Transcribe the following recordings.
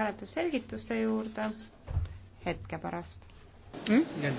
hääletusselgituste juurde hetke pärast mm?.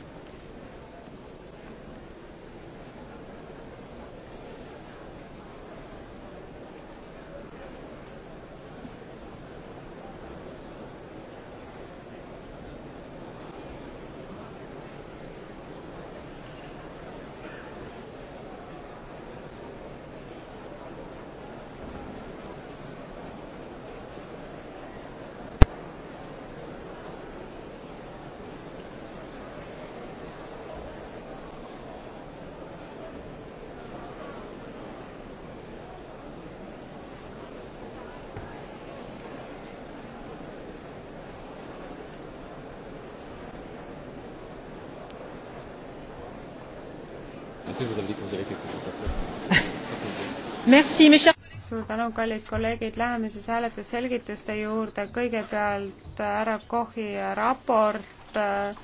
suur tänu, kallid kolleegid, läheme siis hääletusselgituste juurde, kõigepealt äh, härra Kohi raport äh,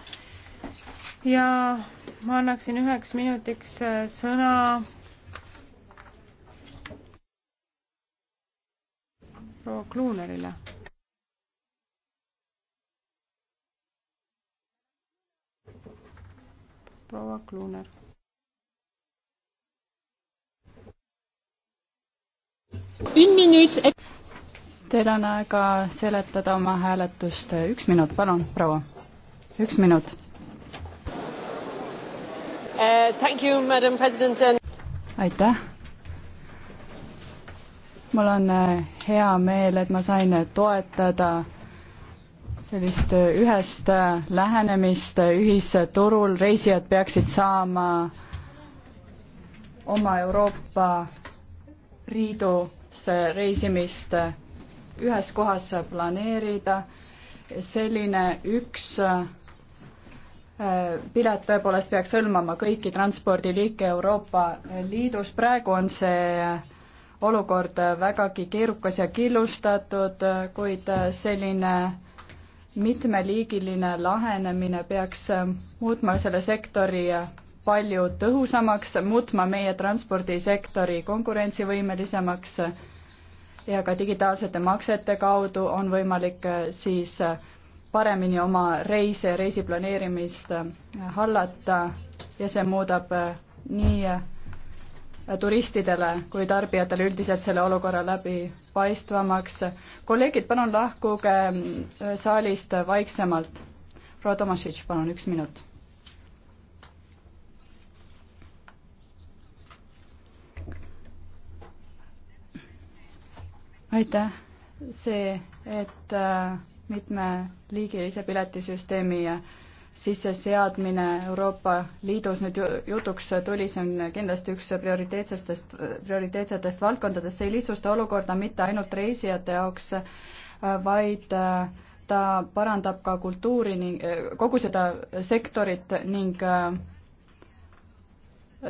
ja ma annaksin üheks minutiks äh, sõna proua Kluunerile. proua Kluuner Teil on aega seletada oma hääletust. üks minut, palun, proua. üks minut uh,. You, aitäh. mul on uh, hea meel, et ma sain toetada sellist uh, ühest uh, lähenemist ühisturul, reisijad peaksid saama oma Euroopa Liidu reisimist ühes kohas planeerida. selline üks äh, pilet tõepoolest peaks hõlmama kõiki transpordiliike Euroopa Liidus, praegu on see olukord vägagi keerukas ja killustatud, kuid selline mitmeliigiline lahenemine peaks muutma selle sektori palju tõhusamaks, muutma meie transpordisektori konkurentsivõimelisemaks ja ka digitaalsete maksete kaudu on võimalik äh, siis äh, paremini oma reise, reisi planeerimist äh, hallata ja see muudab nii turistidele kui tarbijatele üldiselt selle olukorra läbipaistvamaks. kolleegid, palun lahkuge saalist vaiksemalt. proua Tomašitš, palun, üks minut aitäh, see, et äh, mitmeliigilise piletisüsteemi äh, sisseseadmine Euroopa Liidus nüüd jutuks tuli, see on kindlasti üks prioriteetsetest, prioriteetsetest valdkondadest, see ei lihtsusta olukorda mitte ainult reisijate jaoks, äh, vaid ta parandab ka kultuuri ning kogu seda sektorit ning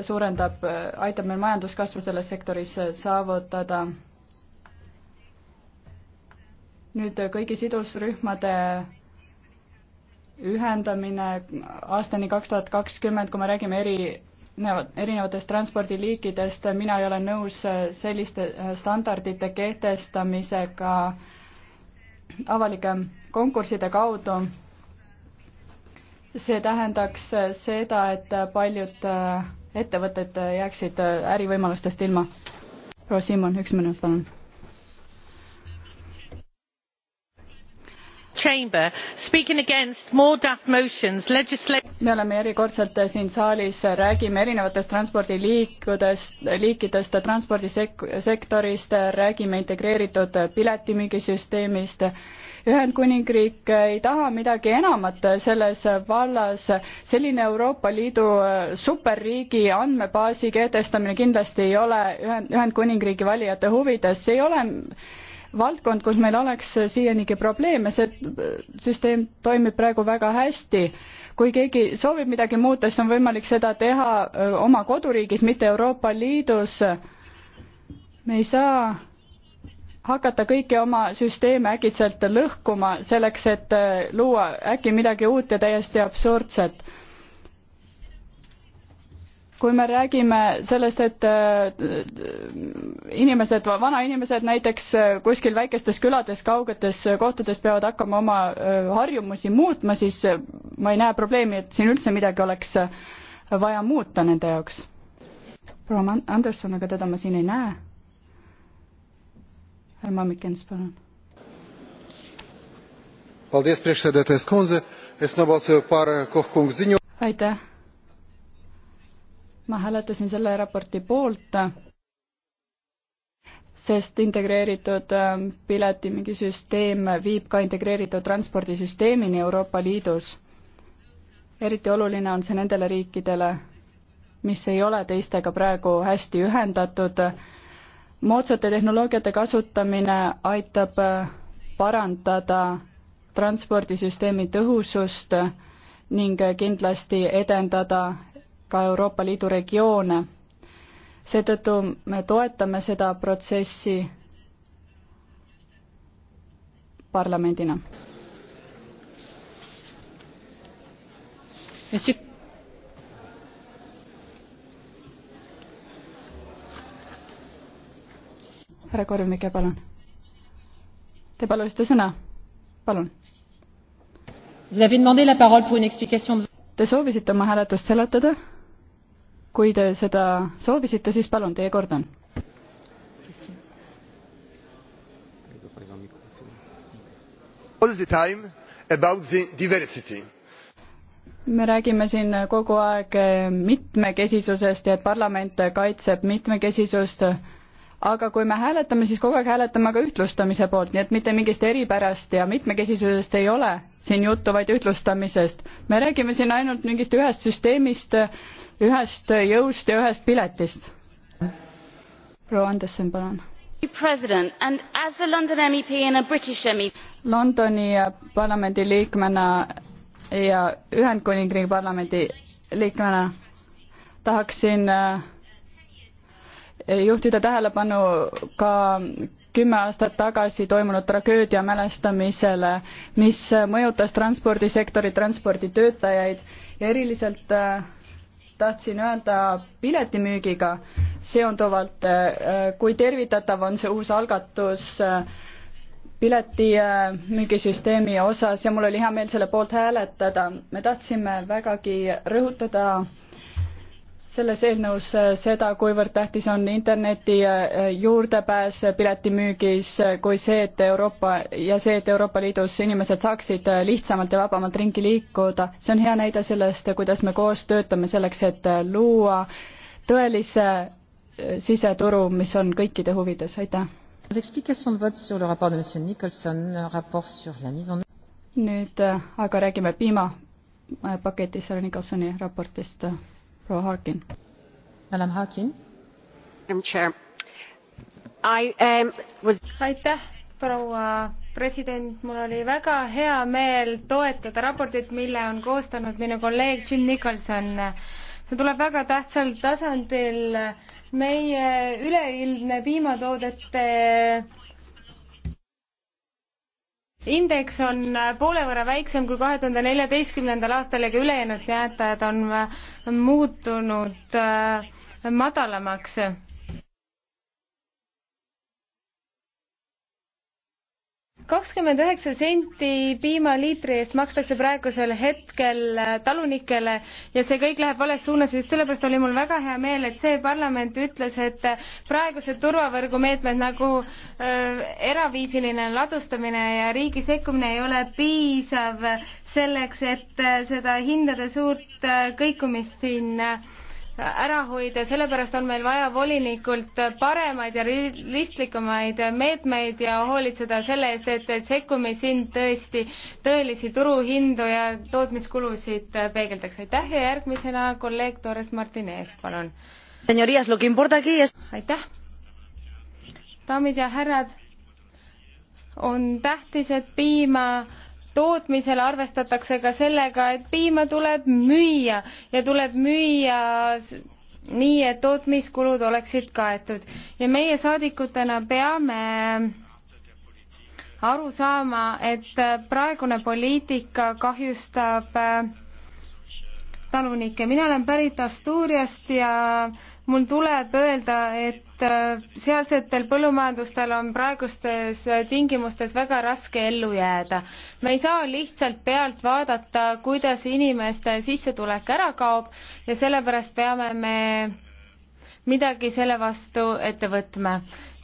suurendab, aitab meil majanduskasvu selles sektoris saavutada nüüd kõigi sidusrühmade ühendamine aastani kaks tuhat kakskümmend, kui me räägime eri, erinevatest transpordiliikidest, mina ei ole nõus selliste standardite kehtestamisega avalike konkursside kaudu. see tähendaks seda, et paljud ettevõtted jääksid ärivõimalustest ilma. proua Siimon, üks minut, palun chamber speaking against more daft motions me oleme järjekordselt siin saalis räägime erinevatest transpordiliikudest liikidest transpordisektorist räägime integreeritud piletimüügisüsteemist ühendkuningriik ei taha midagi enamat selles vallas selline euroopa liidu äh, superriigi andmebaasi kehtestamine kindlasti ei ole ühend ühendkuningriigi valijate huvides see ei ole valdkond, kus meil oleks siianigi probleeme, see äh, süsteem toimib praegu väga hästi. kui keegi soovib midagi muuta, siis on võimalik seda teha äh, oma koduriigis, mitte Euroopa Liidus. me ei saa hakata kõiki oma süsteeme äkitselt lõhkuma selleks, et äh, luua äkki midagi uut ja täiesti absurdset kui me räägime sellest, et äh, inimesed, vanainimesed näiteks äh, kuskil väikestes külades, kaugetes äh, kohtades peavad hakkama oma harjumusi muutma, siis ma ei näe probleemi, et siin üldse midagi oleks vaja muuta nende jaoks. proua Anderson, aga teda ma siin ei näe. härra Mamikens, palun. aitäh ma hääletasin selle raporti poolt, sest integreeritud ähm, piletimingisüsteem viib ka integreeritud transpordisüsteemini Euroopa Liidus. eriti oluline on see nendele riikidele, mis ei ole teistega praegu hästi ühendatud. moodsate tehnoloogiate kasutamine aitab äh, parandada transpordisüsteemi tõhusust ning kindlasti edendada ka Euroopa Liidu regioone. seetõttu me toetame seda protsessi parlamendina. härra Korvmike, palun. Te palusite sõna, palun. Te soovisite oma hääletust seletada? kui te seda soovisite, siis palun, teie kord on. me räägime siin kogu aeg mitmekesisusest ja et parlament kaitseb mitmekesisust aga kui me hääletame, siis kogu aeg hääletame ka ühtlustamise poolt, nii et mitte mingist eripärast ja mitmekesisusest ei ole siin juttu, vaid ühtlustamisest. me räägime siin ainult mingist ühest süsteemist, ühest jõust ja ühest piletist. proua Anderson, palun. E e Londoni parlamendi liikmena ja Ühendkuningriigi parlamendi liikmena tahaksin äh, juhtida tähelepanu ka kümme aastat tagasi toimunud tragöödia mälestamisele, mis mõjutas transpordisektorit, transporditöötajaid ja eriliselt äh, tahtsin öelda piletimüügiga seonduvalt, äh, kui tervitatav on see uus algatus äh, piletimüügisüsteemi osas ja mul oli hea meel selle poolt hääletada. me tahtsime vägagi rõhutada selles eelnõus äh, seda, kuivõrd tähtis on interneti äh, juurdepääs äh, piletimüügis, kui see, et Euroopa ja see, et Euroopa Liidus inimesed saaksid lihtsamalt ja vabamalt ringi liikuda, see on hea näide sellest, kuidas me koos töötame selleks, et luua tõelise siseturu, mis on kõikide huvides, aitäh. nüüd aga räägime piimapaketist, härra Nicholsoni raportist proua Harkin. Madam Harkin. Um, aitäh, proua president, mul oli väga hea meel toetada raportit, mille on koostanud minu kolleeg Jim Nicholson. see tuleb väga tähtsal tasandil meie üleilmne piimatoodete indeks on äh, poole võrra väiksem kui kahe tuhande neljateistkümnendal aastal ja ka ülejäänud näitajad on äh, muutunud äh, madalamaks kakskümmend üheksa senti piimaliitri eest makstakse praegusel hetkel talunikele ja see kõik läheb vales suunas, just sellepärast oli mul väga hea meel, et see parlament ütles, et praegused turvavõrgumeetmed nagu äh, eraviisiline ladustamine ja riigi sekkumine ei ole piisav selleks, et äh, seda hindade suurt äh, kõikumist siin äh, ära hoida, sellepärast on meil vaja volinikult paremaid ja realistlikumaid meetmeid ja hoolitseda selle eest, et, et sekkumishind tõesti tõelisi turuhindu ja tootmiskulusid peegeldaks. aitäh ja järgmisena kolleeg Torres Martinez, palun. aitäh. daamid ja härrad, on tähtis, et piima tootmisel arvestatakse ka sellega, et piima tuleb müüa ja tuleb müüa nii, et tootmiskulud oleksid kaetud ja meie saadikutena peame aru saama, et praegune poliitika kahjustab äh, talunikke. mina olen pärit Asturiast ja mul tuleb öelda, et äh, sealsetel põllumajandustel on praegustes äh, tingimustes väga raske ellu jääda. me ei saa lihtsalt pealt vaadata, kuidas inimeste sissetulek ära kaob ja sellepärast peame me midagi selle vastu ette võtma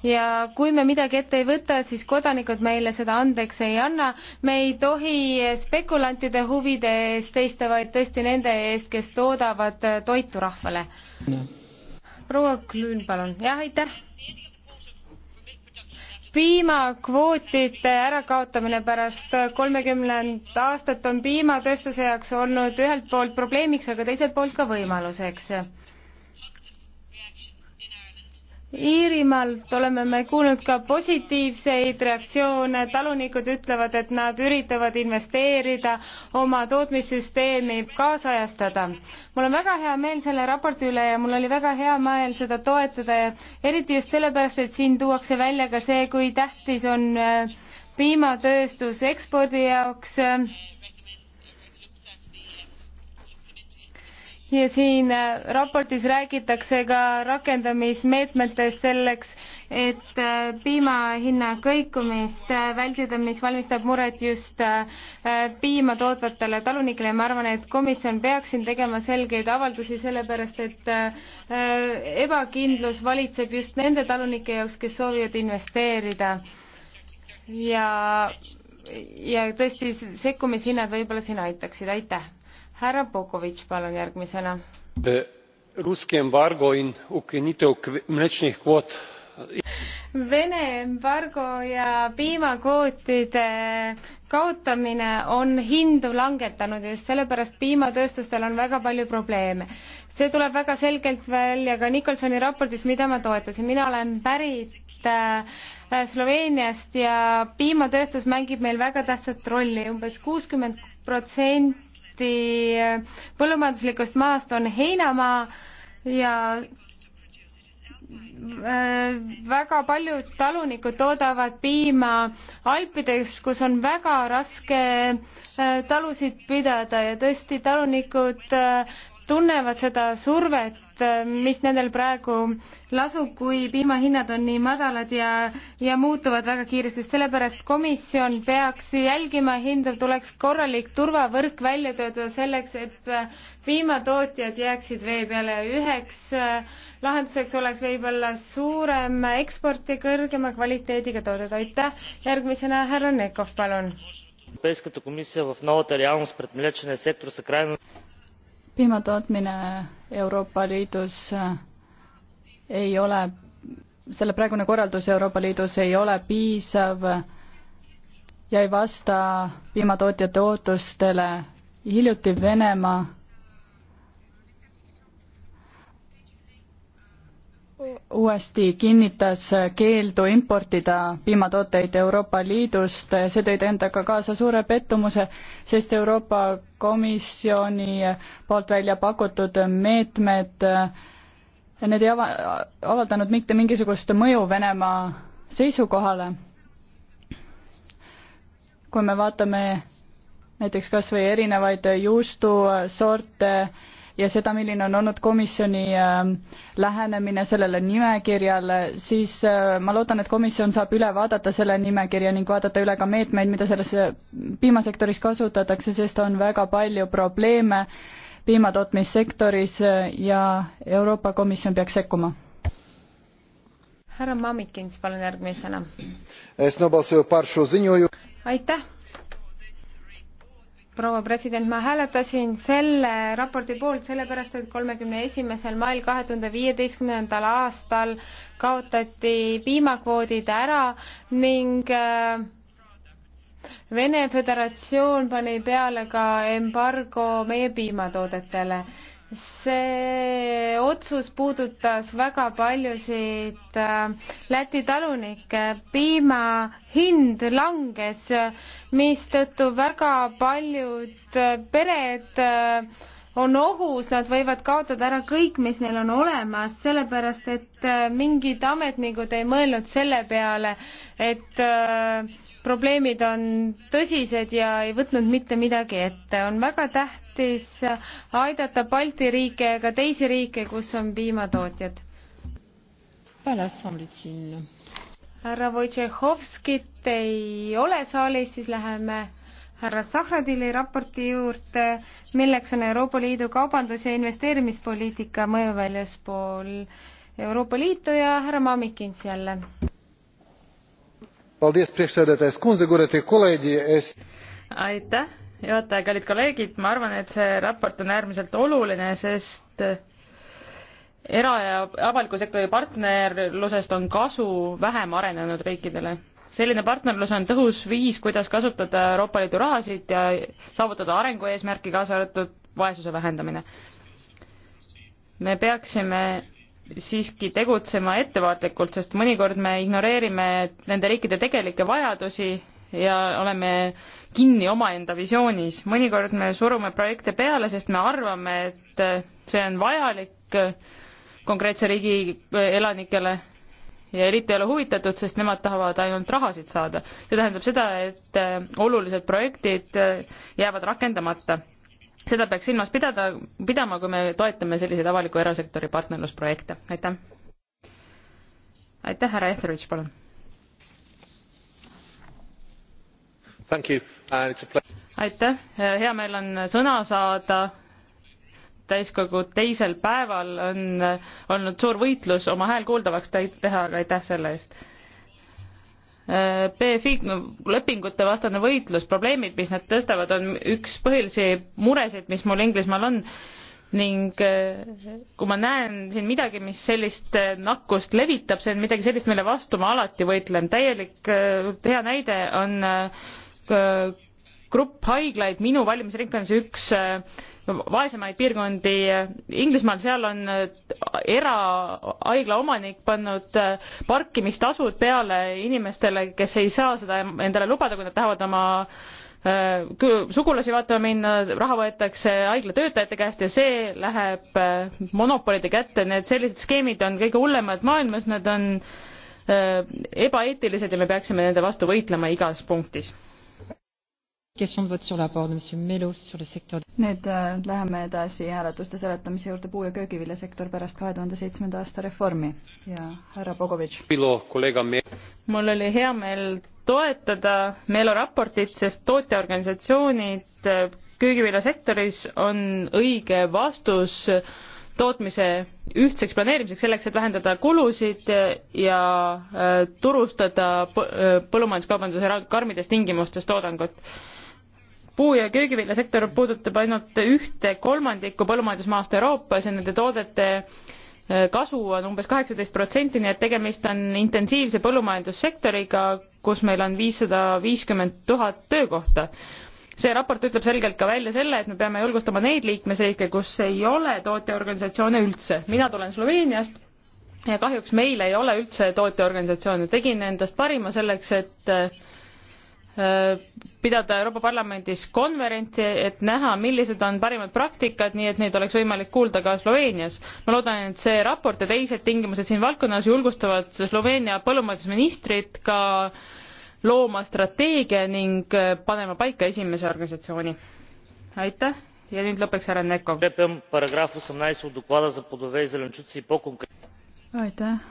ja kui me midagi ette ei võta, siis kodanikud meile seda andeks ei anna. me ei tohi spekulantide huvide eest seista, vaid tõesti nende eest, kes toodavad äh, toitu rahvale no proua Klüün, palun. jah, aitäh. piimakvootide ärakaotamine pärast kolmekümnendat aastat on piimatööstuse jaoks olnud ühelt poolt probleemiks, aga teiselt poolt ka võimaluseks Iirimaalt oleme me kuulnud ka positiivseid reaktsioone, talunikud ütlevad, et nad üritavad investeerida, oma tootmissüsteemi kaasajastada. mul on väga hea meel selle raporti üle ja mul oli väga hea meel seda toetada ja eriti just sellepärast, et siin tuuakse välja ka see, kui tähtis on äh, piimatööstus ekspordi jaoks äh, ja siin äh, raportis räägitakse ka rakendamismeetmetest selleks, et äh, piimahinna kõikumist äh, vältida, mis valmistab muret just piima tootvatele talunikele ja ma arvan, et komisjon peaks siin tegema selgeid avaldusi, sellepärast et ebakindlus valitseb just nende talunike jaoks, kes soovivad investeerida. ja, ja tõesti sekkumishinnad võib-olla siin aitaksid, aitäh härra Pokovitš, palun järgmisena. Ruski embargo in ukinitev mlečnih kvoot. Vene embargo ja piimakvootide kaotamine on hindu langetanud ja just sellepärast piimatööstustel on väga palju probleeme see tuleb väga selgelt välja ka Nicholsoni raportis, mida ma toetasin. mina olen pärit äh, Sloveeniast ja piimatööstus mängib meil väga tähtsat rolli umbes, umbes kuuskümmend protsenti protsenti põllumajanduslikust maast on heinamaa ja äh, väga paljud talunikud toodavad piima Alpides, kus on väga raske äh, talusid pidada ja tõesti, talunikud äh, tunnevad seda survet, mis nendel praegu lasub, kui piimahinnad on nii madalad ja, ja muutuvad väga kiiresti, sellepärast komisjon peaks jälgima hindu, tuleks korralik turvavõrk välja töötada selleks, et piimatootjad jääksid vee peale. üheks äh, lahenduseks oleks võib-olla suurem eksport ja kõrgema kvaliteediga tooded. aitäh, järgmisena härra Nekov, palun. Европейската комисия в новата реалност пред млечния сектор са крайно piima tootmine Euroopa Liidus äh, ei ole, selle praegune korraldus Euroopa Liidus ei ole piisav ja ei vasta piimatootjate ootustele. hiljuti Venemaa uuesti kinnitas keeldu importida piimatooteid Euroopa Liidust, see tõi endaga kaasa suure pettumuse, sest Euroopa Komisjoni poolt välja pakutud meetmed, need ei ava-, avaldanud mitte mingisugust mõju Venemaa seisukohale. kui me vaatame näiteks kas või erinevaid juustusorte, ja seda, milline on olnud komisjoni ähm, lähenemine sellele nimekirjale, siis äh, ma loodan, et komisjon saab üle vaadata selle nimekirja ning vaadata üle ka meetmeid, mida selles äh, piimasektoris kasutatakse, sest on väga palju probleeme piimatootmissektoris äh, ja Euroopa Komisjon peaks sekkuma härra Mamikins, palun järgmisena. aitäh proua president, ma hääletasin selle raporti poolt sellepärast, et kolmekümne esimesel mail kahe tuhande viieteistkümnendal aastal kaotati piimakvoodid ära ning äh, Vene Föderatsioon pani peale ka embargo meie piimatoodetele see otsus puudutas väga paljusid äh, Läti talunikke. piima hind langes, mistõttu väga paljud äh, pered äh, on ohus, nad võivad kaotada ära kõik, mis neil on olemas, sellepärast et mingid ametnikud ei mõelnud selle peale, et probleemid on tõsised ja ei võtnud mitte midagi ette. on väga tähtis tähtis aidata Balti riike ja ka teisi riike, kus on piimatootjad. härra Wojciechowskit ei ole saalis, siis läheme härra Sahradili raporti juurde, milleks on Euroopa Liidu kaubandus- ja investeerimispoliitika mõju väljaspool Euroopa Liitu ja härra Mamikins jälle. aitäh, juhataja, kallid kolleegid, ma arvan, et see raport on äärmiselt oluline, sest era- ja avaliku sektori partnerlusest on kasu vähem arenenud riikidele. selline partnerlus on tõhus viis, kuidas kasutada Euroopa Liidu rahasid ja saavutada arengueesmärki, kaasa arvatud vaesuse vähendamine. me peaksime siiski tegutsema ettevaatlikult, sest mõnikord me ignoreerime nende riikide tegelikke vajadusi ja oleme kinni omaenda visioonis. mõnikord me surume projekte peale, sest me arvame, et see on vajalik konkreetse riigi elanikele ja eriti ei ole huvitatud, sest nemad tahavad ainult rahasid saada. see tähendab seda, et olulised projektid jäävad rakendamata. seda peaks silmas pidada, pidama, kui me toetame selliseid avaliku erasektori partnerlusprojekte. aitäh! aitäh, härra Etheridge, palun! aitäh, hea meel on sõna saada. täiskogu teisel päeval on olnud suur võitlus oma hääl kuuldavaks teha, aga aitäh selle eest. BFI lepingute vastane võitlus, probleemid, mis nad tõstavad, on üks põhilisi muresid, mis mul Inglismaal on ning kui ma näen siin midagi, mis sellist nakkust levitab, see on midagi sellist, mille vastu ma alati võitlen. täielik hea näide on äh, Äh, grupp haiglaid minu valimisringkonnas üks äh, vaesemaid piirkondi äh, Inglismaal, seal on erahaigla omanik pannud parkimistasud peale inimestele, kes ei saa seda endale lubada, kui nad tahavad oma sugulasi vaatama minna, raha võetakse haigla töötajate käest ja see läheb monopolide kätte, need sellised skeemid on kõige hullemad maailmas, nad on ebaeetilised ja me peaksime nende vastu võitlema igas punktis nüüd äh, läheme edasi hääletuste seletamise juurde puu- ja köögiviljasektor pärast kahe tuhande seitsmenda aasta reformi ja härra Bogovitš. mul oli hea meel toetada Meelo raportit, sest tootjaorganisatsioonid äh, köögiviljasektoris on õige vastus tootmise ühtseks planeerimiseks, selleks, et vähendada kulusid ja äh, turustada põllumajandus-kaubanduse karmides tingimustes toodangut puu- ja köögiviljasektor puudutab ainult ühte kolmandikku põllumajandusmaast Euroopas ja nende toodete äh, kasu on umbes kaheksateist protsenti, nii et tegemist on intensiivse põllumajandussektoriga, kus meil on viissada viiskümmend tuhat töökohta. see raport ütleb selgelt ka välja selle, et me peame julgustama neid liikmesriike, kus ei ole tootjaorganisatsioone üldse. mina tulen Sloveeniast ja kahjuks meil ei ole üldse tootjaorganisatsioone. tegin endast parima selleks, et äh, Äh, pidada Euroopa Parlamendis konverentsi, et näha, millised on parimad praktikad, nii et neid oleks võimalik kuulda ka Sloveenias. ma loodan, et see raport ja teised tingimused siin valdkonnas julgustavad Sloveenia põllumajandusministrit ka looma strateegia ning äh, panema paika esimese organisatsiooni. aitäh ja nüüd lõpuks härra Nekov. aitäh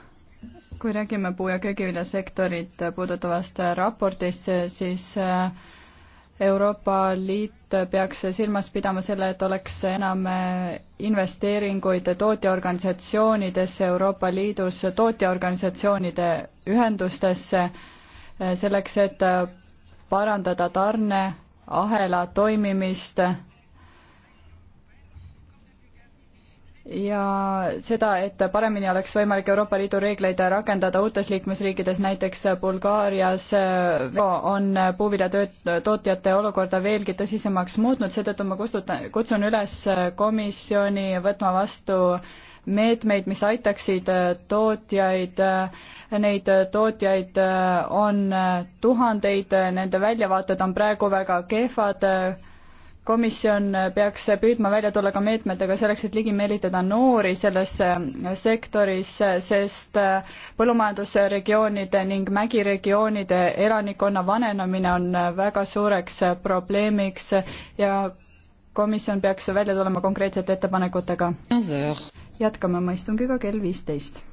kui räägime puu- ja köögiviljasektorit puudutavast raportist, siis äh, Euroopa Liit peaks silmas pidama selle, et oleks enam äh, investeeringuid tootjaorganisatsioonidesse Euroopa Liidus, tootjaorganisatsioonide ühendustesse, äh, selleks et parandada tarneahela toimimist ja seda, et paremini oleks võimalik Euroopa Liidu reegleid rakendada uutes liikmesriikides, näiteks Bulgaarias äh, on puuviljatootjate olukorda veelgi tõsisemaks muutnud, seetõttu ma kustutan, kutsun üles komisjoni võtma vastu meetmeid, mis aitaksid äh, tootjaid, äh, neid tootjaid on tuhandeid, nende väljavaated on praegu väga kehvad komisjon peaks püüdma välja tulla ka meetmetega selleks, et ligi meelitada noori sellesse sektorisse, sest äh, põllumajandusregioonide ning mägiregioonide elanikkonna vanenemine on väga suureks äh, probleemiks ja komisjon peaks välja tulema konkreetsete ettepanekutega. jätkame oma istungiga kell viisteist.